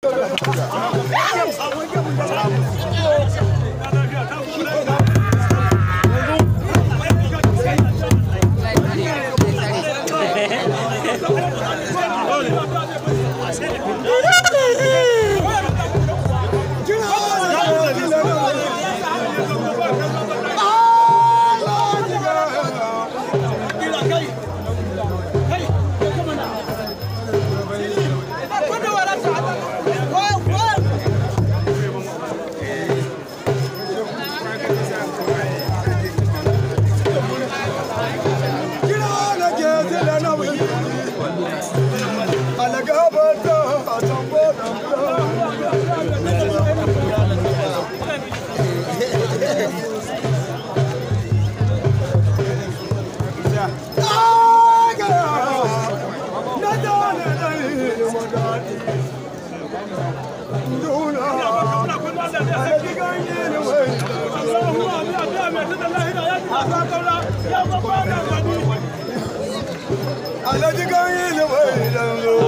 Let's get it. Alhaji kan yi da bai dan zo.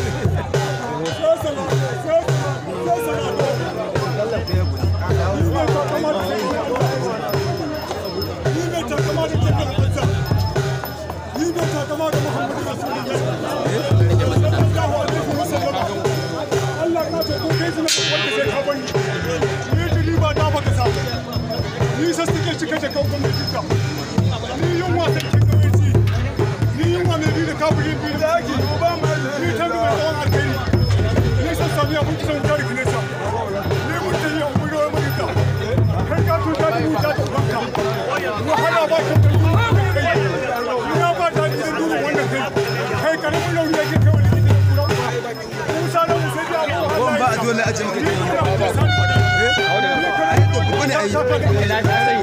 cika da da cika ni yunwa sai kin ga ni yunwa da kafirin da ake ba ma ni ta nuna tsawon ni sami abin wuta da ni kai ka tuta da wuta da banka ba ka ba ta da wannan kai kai da ke kura na da abu ba a dole ayi